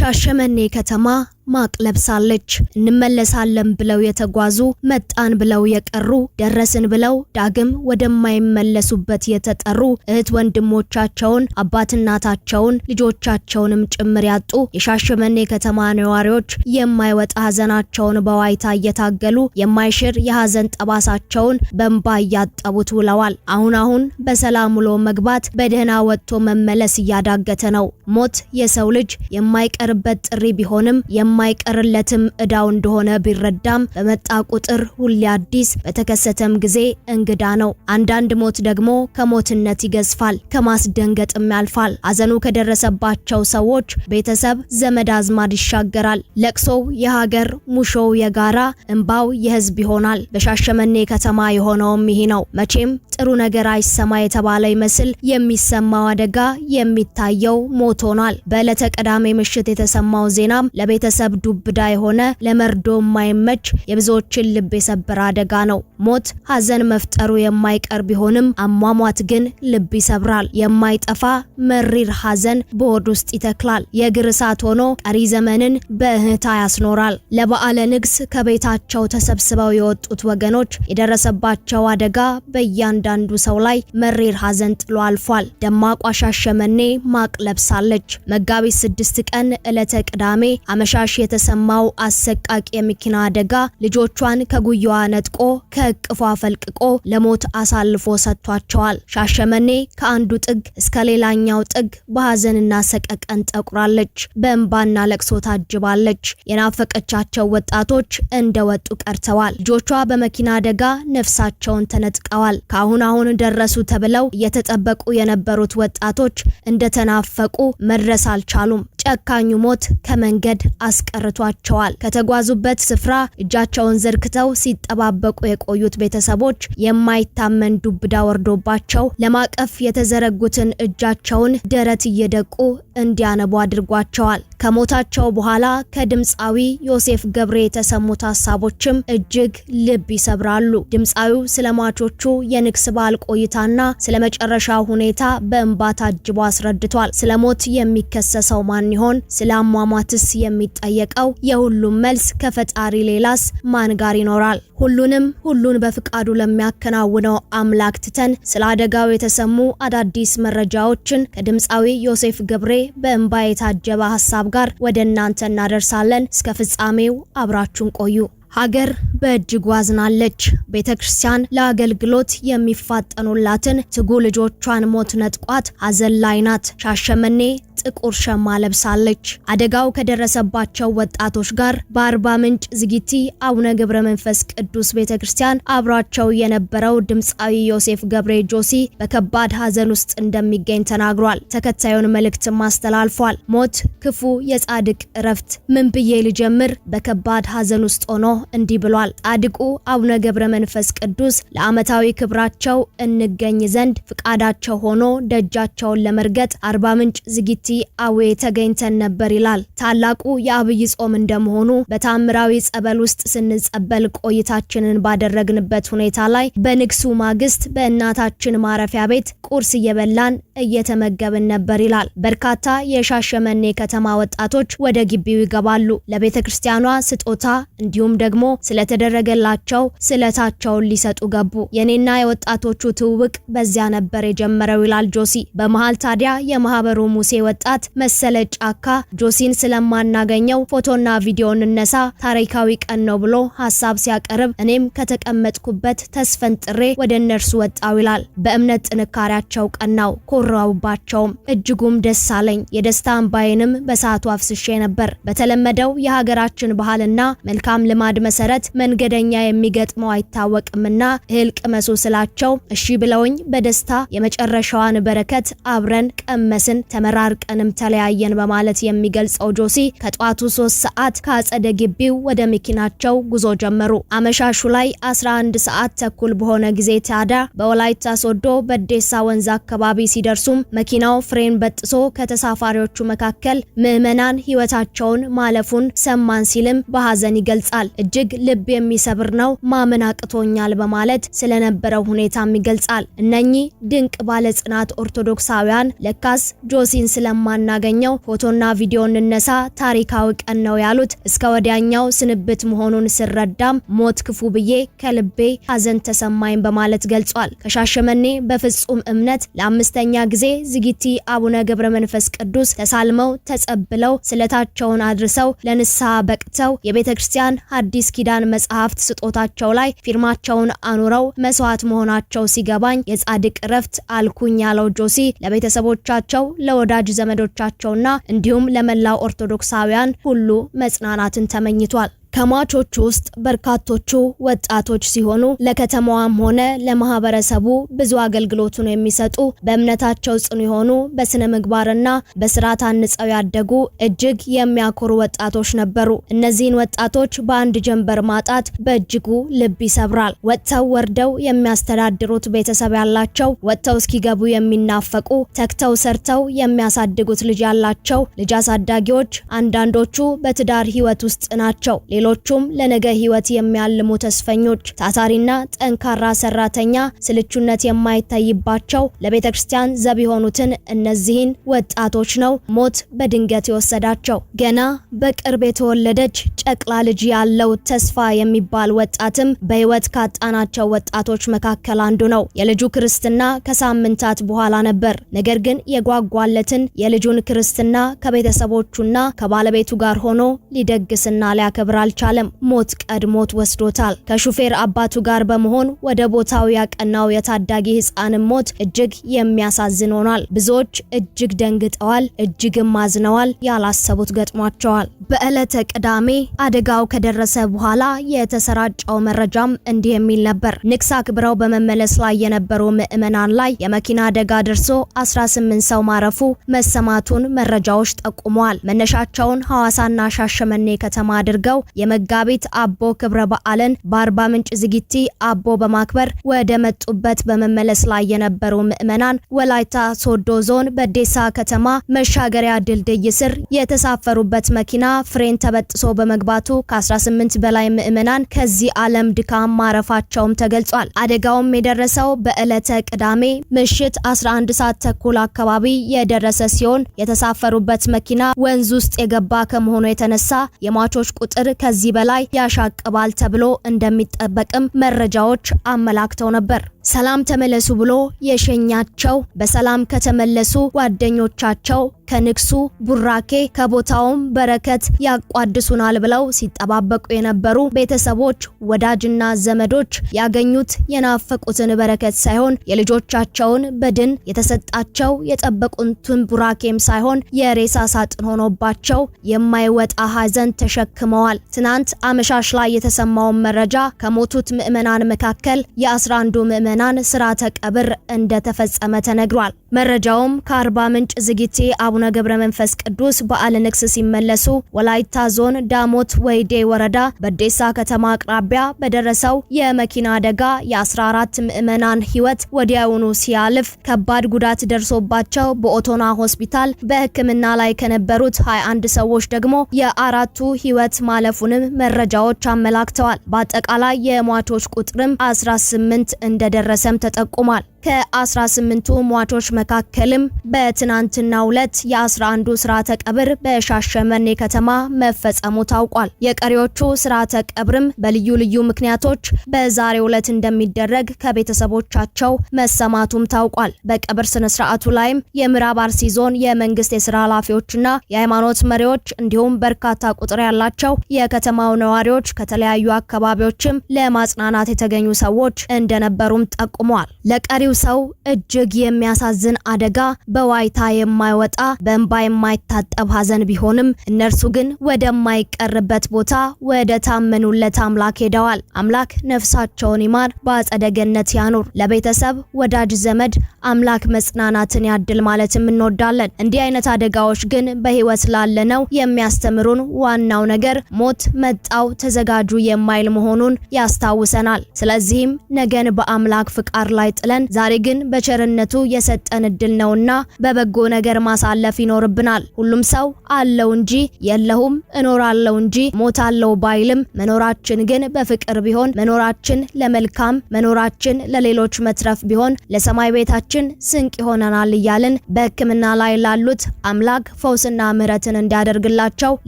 ሻሸመኔ ከተማ ማቅ ለብሳለች። እንመለሳለን ብለው የተጓዙ መጣን ብለው የቀሩ ደረስን ብለው ዳግም ወደማይመለሱበት የተጠሩ እህት ወንድሞቻቸውን አባትናታቸውን ልጆቻቸውንም ጭምር ያጡ የሻሸመኔ ከተማ ነዋሪዎች የማይወጣ ሀዘናቸውን በዋይታ እየታገሉ የማይሽር የሀዘን ጠባሳቸውን በእንባ እያጠቡት ውለዋል። አሁን አሁን በሰላም ውሎ መግባት በደህና ወጥቶ መመለስ እያዳገተ ነው። ሞት የሰው ልጅ የማይቀርበት ጥሪ ቢሆንም የማይቀርለትም እዳው እንደሆነ ቢረዳም በመጣ ቁጥር ሁሌ አዲስ፣ በተከሰተም ጊዜ እንግዳ ነው። አንዳንድ ሞት ደግሞ ከሞትነት ይገዝፋል፣ ከማስደንገጥም ያልፋል። ሀዘኑ ከደረሰባቸው ሰዎች ቤተሰብ፣ ዘመድ አዝማድ ይሻገራል። ለቅሶው የሀገር ሙሾው የጋራ እንባው የህዝብ ይሆናል። በሻሸመኔ ከተማ የሆነውም ይሄ ነው። መቼም ጥሩ ነገር አይሰማ የተባለ ይመስል የሚሰማው አደጋ የሚታየው ሞት ሆኗል። በዕለተ ቀዳሜ ምሽት የተሰማው ዜናም ለቤተሰብ ለጠብ ዱብዳ የሆነ ለመርዶ የማይመች የብዙዎችን ልብ የሰበረ አደጋ ነው። ሞት ሀዘን መፍጠሩ የማይቀር ቢሆንም አሟሟት ግን ልብ ይሰብራል። የማይጠፋ መሪር ሀዘን በሆድ ውስጥ ይተክላል። የእግር እሳት ሆኖ ቀሪ ዘመንን በእህታ ያስኖራል። ለበዓለ ንግስ ከቤታቸው ተሰብስበው የወጡት ወገኖች የደረሰባቸው አደጋ በእያንዳንዱ ሰው ላይ መሪር ሀዘን ጥሎ አልፏል። ደማቋ ሻሸመኔ ማቅ ለብሳለች። መጋቢት ስድስት ቀን ዕለተ ቅዳሜ አመሻሽ ምላሽ የተሰማው አሰቃቂ የመኪና አደጋ ልጆቿን ከጉያዋ ነጥቆ ከእቅፏ ፈልቅቆ ለሞት አሳልፎ ሰጥቷቸዋል። ሻሸመኔ ከአንዱ ጥግ እስከ ሌላኛው ጥግ በሀዘንና ሰቀቀን ጠቁራለች። በእንባና ለቅሶ ታጅባለች። የናፈቀቻቸው ወጣቶች እንደወጡ ቀርተዋል። ልጆቿ በመኪና አደጋ ነፍሳቸውን ተነጥቀዋል። ከአሁን አሁን ደረሱ ተብለው እየተጠበቁ የነበሩት ወጣቶች እንደተናፈቁ መድረስ አልቻሉም። ጨካኙ ሞት ከመንገድ አስቀርቷቸዋል። ከተጓዙበት ስፍራ እጃቸውን ዘርግተው ሲጠባበቁ የቆዩት ቤተሰቦች የማይታመን ዱብዳ ወርዶባቸው ለማቀፍ የተዘረጉትን እጃቸውን ደረት እየደቁ እንዲያነቡ አድርጓቸዋል። ከሞታቸው በኋላ ከድምፃዊ ዮሴፍ ገብሬ የተሰሙት ሀሳቦችም እጅግ ልብ ይሰብራሉ። ድምፃዊው ስለ ሟቾቹ የንግስ በዓል ቆይታና ስለ መጨረሻው ሁኔታ በእንባ ታጅቦ አስረድቷል። ስለ ሞት የሚከሰሰው ማን ይሆን? ስለ አሟሟትስ የሚጠየቀው? የሁሉም መልስ ከፈጣሪ ሌላስ ማን ጋር ይኖራል? ሁሉንም ሁሉን በፍቃዱ ለሚያከናውነው አምላክ ትተን ስለ አደጋው የተሰሙ አዳዲስ መረጃዎችን ከድምፃዊ ዮሴፍ ገብሬ በእንባ የታጀበ ሀሳብ ጋር ወደ እናንተ እናደርሳለን። እስከ ፍጻሜው አብራችሁን ቆዩ። ሀገር በእጅጉ አዝናለች። ቤተ ክርስቲያን ለአገልግሎት የሚፋጠኑላትን ትጉ ልጆቿን ሞት ነጥቋት ሀዘን ላይ ናት። ሻሸመኔ ጥቁር ሸማ ለብሳለች። አደጋው ከደረሰባቸው ወጣቶች ጋር በአርባ ምንጭ ዝጊቲ አቡነ ገብረ መንፈስ ቅዱስ ቤተ ክርስቲያን አብሯቸው የነበረው ድምፃዊ ዮሴፍ ገብሬ ጆሲ በከባድ ሀዘን ውስጥ እንደሚገኝ ተናግሯል። ተከታዩን መልእክትም አስተላልፏል። ሞት ክፉ፣ የጻድቅ እረፍት። ምን ብዬ ልጀምር? በከባድ ሀዘን ውስጥ ሆኖ እንዲህ ብሏል። ጻድቁ አቡነ ገብረ መንፈስ ቅዱስ ለዓመታዊ ክብራቸው እንገኝ ዘንድ ፍቃዳቸው ሆኖ ደጃቸውን ለመርገጥ አርባ ምንጭ ዝጊቲ አዌ ተገኝተን ነበር ይላል። ታላቁ የአብይ ጾም እንደመሆኑ በታምራዊ ጸበል ውስጥ ስንጸበል ቆይታችንን ባደረግንበት ሁኔታ ላይ በንግሱ ማግስት በእናታችን ማረፊያ ቤት ቁርስ እየበላን እየተመገብን ነበር ይላል። በርካታ የሻሸመኔ ከተማ ወጣቶች ወደ ግቢው ይገባሉ። ለቤተ ክርስቲያኗ ስጦታ እንዲሁም ደግሞ ስለተደረገላቸው ስለታቸውን ሊሰጡ ገቡ። የኔና የወጣቶቹ ትውውቅ በዚያ ነበር የጀመረው ይላል ጆሲ። በመሃል ታዲያ የማህበሩ ሙሴ ወጣት መሰለ ጫካ ጆሲን ስለማናገኘው ፎቶና ቪዲዮን እነሳ ታሪካዊ ቀን ነው ብሎ ሀሳብ ሲያቀርብ እኔም ከተቀመጥኩበት ተስፈንጥሬ ወደ እነርሱ ወጣው ይላል። በእምነት ጥንካሬያቸው ቀናው ኮራውባቸውም፣ እጅጉም ደስ አለኝ። የደስታ እንባዬንም በሰዓቱ አፍስሼ ነበር። በተለመደው የሀገራችን ባህልና መልካም ልማድ መሰረት መንገደኛ የሚገጥመው አይታወቅምና እህል ቅመሱ ስላቸው እሺ ብለውኝ በደስታ የመጨረሻዋን በረከት አብረን ቀመስን፣ ተመራርቀንም ተለያየን በማለት የሚገልጸው ጆሲ ከጧቱ ሶስት ሰዓት ከአጸደ ግቢው ወደ መኪናቸው ጉዞ ጀመሩ። አመሻሹ ላይ 11 ሰዓት ተኩል በሆነ ጊዜ ታዲያ በወላይታ ሶዶ በዴሳ ወንዝ አካባቢ ሲደርሱም መኪናው ፍሬን በጥሶ ከተሳፋሪዎቹ መካከል ምዕመናን ህይወታቸውን ማለፉን ሰማን ሲልም በሀዘን ይገልጻል። እጅግ ልብ የሚሰብር ነው፣ ማመን አቅቶኛል በማለት ስለነበረው ሁኔታም ይገልጻል። እነኚህ ድንቅ ባለጽናት ኦርቶዶክሳውያን ለካስ ጆሲን ስለማናገኘው ፎቶና ቪዲዮ እንነሳ ታሪካዊ ቀን ነው ያሉት እስከ ወዲያኛው ስንብት መሆኑን ስረዳም ሞት ክፉ ብዬ ከልቤ ሀዘን ተሰማኝ በማለት ገልጿል። ከሻሸመኔ በፍጹም እምነት ለአምስተኛ ጊዜ ዝጊቲ አቡነ ገብረ መንፈስ ቅዱስ ተሳልመው ተጸብለው ስለታቸውን አድርሰው ለንስሐ በቅተው የቤተ ክርስቲያን የአዲስ ኪዳን መጽሐፍት ስጦታቸው ላይ ፊርማቸውን አኑረው መስዋዕት መሆናቸው ሲገባኝ የጻድቅ እረፍት አልኩኝ ያለው ጆሲ ለቤተሰቦቻቸው ለወዳጅ ዘመዶቻቸውና እንዲሁም ለመላው ኦርቶዶክሳውያን ሁሉ መጽናናትን ተመኝቷል። ከሟቾቹ ውስጥ በርካቶቹ ወጣቶች ሲሆኑ ለከተማዋም ሆነ ለማህበረሰቡ ብዙ አገልግሎቱን የሚሰጡ በእምነታቸው ጽኑ የሆኑ በስነ ምግባርና በስርዓት አንጸው ያደጉ እጅግ የሚያኮሩ ወጣቶች ነበሩ። እነዚህን ወጣቶች በአንድ ጀንበር ማጣት በእጅጉ ልብ ይሰብራል። ወጥተው ወርደው የሚያስተዳድሩት ቤተሰብ ያላቸው፣ ወጥተው እስኪገቡ የሚናፈቁ፣ ተክተው ሰርተው የሚያሳድጉት ልጅ ያላቸው ልጅ አሳዳጊዎች አንዳንዶቹ በትዳር ህይወት ውስጥ ናቸው። ሌሎቹም ለነገ ህይወት የሚያልሙ ተስፈኞች፣ ታታሪና ጠንካራ ሰራተኛ፣ ስልቹነት የማይታይባቸው ለቤተ ክርስቲያን ዘብ የሆኑትን እነዚህን ወጣቶች ነው ሞት በድንገት የወሰዳቸው። ገና በቅርብ የተወለደች ጨቅላ ልጅ ያለው ተስፋ የሚባል ወጣትም በህይወት ካጣናቸው ወጣቶች መካከል አንዱ ነው። የልጁ ክርስትና ከሳምንታት በኋላ ነበር። ነገር ግን የጓጓለትን የልጁን ክርስትና ከቤተሰቦቹና ከባለቤቱ ጋር ሆኖ ሊደግስና ሊያከብራል አልቻለም። ሞት ቀድሞት ወስዶታል። ከሹፌር አባቱ ጋር በመሆን ወደ ቦታው ያቀናው የታዳጊ ህፃንም ሞት እጅግ የሚያሳዝን ሆኗል። ብዙዎች እጅግ ደንግጠዋል፣ እጅግም አዝነዋል። ያላሰቡት ገጥሟቸዋል። በዕለተ ቅዳሜ አደጋው ከደረሰ በኋላ የተሰራጨው መረጃም እንዲህ የሚል ነበር። ንግስ አክብረው በመመለስ ላይ የነበሩ ምዕመናን ላይ የመኪና አደጋ ደርሶ 18 ሰው ማረፉ መሰማቱን መረጃዎች ጠቁመዋል። መነሻቸውን ሐዋሳና ሻሸመኔ ከተማ አድርገው የመጋቢት አቦ ክብረ በዓልን በአርባ ምንጭ ዝጊቲ አቦ በማክበር ወደ መጡበት በመመለስ ላይ የነበሩ ምዕመናን ወላይታ ሶዶ ዞን በዴሳ ከተማ መሻገሪያ ድልድይ ስር የተሳፈሩበት መኪና ፍሬን ተበጥሶ በመግባቱ ከ18 በላይ ምዕመናን ከዚህ ዓለም ድካም ማረፋቸውም ተገልጿል። አደጋውም የደረሰው በዕለተ ቅዳሜ ምሽት 11 ሰዓት ተኩል አካባቢ የደረሰ ሲሆን የተሳፈሩበት መኪና ወንዝ ውስጥ የገባ ከመሆኑ የተነሳ የሟቾች ቁጥር ከ ከዚህ በላይ ያሻቅባል ተብሎ እንደሚጠበቅም መረጃዎች አመላክተው ነበር። ሰላም ተመለሱ ብሎ የሸኛቸው በሰላም ከተመለሱ ጓደኞቻቸው ከንግሱ ቡራኬ ከቦታውም በረከት ያቋድሱናል ብለው ሲጠባበቁ የነበሩ ቤተሰቦች፣ ወዳጅና ዘመዶች ያገኙት የናፈቁትን በረከት ሳይሆን የልጆቻቸውን በድን የተሰጣቸው የጠበቁትን ቡራኬም ሳይሆን የሬሳ ሳጥን ሆኖባቸው የማይወጣ ሀዘን ተሸክመዋል። ትናንት አመሻሽ ላይ የተሰማውን መረጃ ከሞቱት ምዕመናን መካከል የአስራ አንዱ ምዕመናን ምዕመናን ስርዓተ ቀብር እንደተፈጸመ ተነግሯል። መረጃውም ከአርባ ምንጭ ዝግቴ አቡነ ገብረ መንፈስ ቅዱስ በዓለ ንግስ ሲመለሱ ወላይታ ዞን ዳሞት ወይዴ ወረዳ በዴሳ ከተማ አቅራቢያ በደረሰው የመኪና አደጋ የ14 ምዕመናን ሕይወት ወዲያውኑ ሲያልፍ ከባድ ጉዳት ደርሶባቸው በኦቶና ሆስፒታል በሕክምና ላይ ከነበሩት 21 ሰዎች ደግሞ የአራቱ ሕይወት ማለፉንም መረጃዎች አመላክተዋል። በአጠቃላይ የሟቾች ቁጥርም 18 እንደደረሰም ተጠቁሟል። ከ18ቱ ሟቾች መካከልም በትናንትና ዕለት የ11ዱ ስርዓተ ቀብር በሻሸመኔ ከተማ መፈጸሙ ታውቋል። የቀሪዎቹ ስርዓተ ቀብርም በልዩ ልዩ ምክንያቶች በዛሬ ዕለት እንደሚደረግ ከቤተሰቦቻቸው መሰማቱም ታውቋል። በቀብር ስነ ስርዓቱ ላይም የምዕራብ አርሲ ዞን የመንግስት የስራ ኃላፊዎችና የሃይማኖት መሪዎች እንዲሁም በርካታ ቁጥር ያላቸው የከተማው ነዋሪዎች ከተለያዩ አካባቢዎችም ለማጽናናት የተገኙ ሰዎች እንደነበሩም ጠቁመዋል። ለቀሪው ለመሪው ሰው እጅግ የሚያሳዝን አደጋ በዋይታ የማይወጣ በእንባ የማይታጠብ ሀዘን ቢሆንም እነርሱ ግን ወደማይቀርበት ቦታ ወደ ታመኑለት አምላክ ሄደዋል። አምላክ ነፍሳቸውን ይማር፣ በአጸደ ገነት ያኑር። ለቤተሰብ ወዳጅ፣ ዘመድ አምላክ መጽናናትን ያድል ማለትም እንወዳለን። እንዲህ አይነት አደጋዎች ግን በህይወት ላለነው የሚያስተምሩን ዋናው ነገር ሞት መጣው ተዘጋጁ የማይል መሆኑን ያስታውሰናል። ስለዚህም ነገን በአምላክ ፍቃድ ላይ ጥለን ዛሬ ግን በቸርነቱ የሰጠን እድል ነውና በበጎ ነገር ማሳለፍ ይኖርብናል። ሁሉም ሰው አለው እንጂ የለሁም፣ እኖራለው እንጂ ሞታለው ባይልም መኖራችን ግን በፍቅር ቢሆን መኖራችን ለመልካም መኖራችን ለሌሎች መትረፍ ቢሆን ለሰማይ ቤታችን ስንቅ ይሆነናል እያልን በሕክምና ላይ ላሉት አምላክ ፈውስና ምሕረትን እንዲያደርግላቸው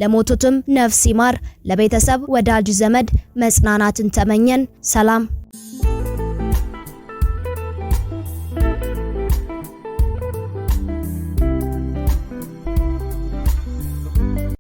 ለሞቱትም ነፍስ ይማር። ለቤተሰብ ወዳጅ ዘመድ መጽናናትን ተመኘን። ሰላም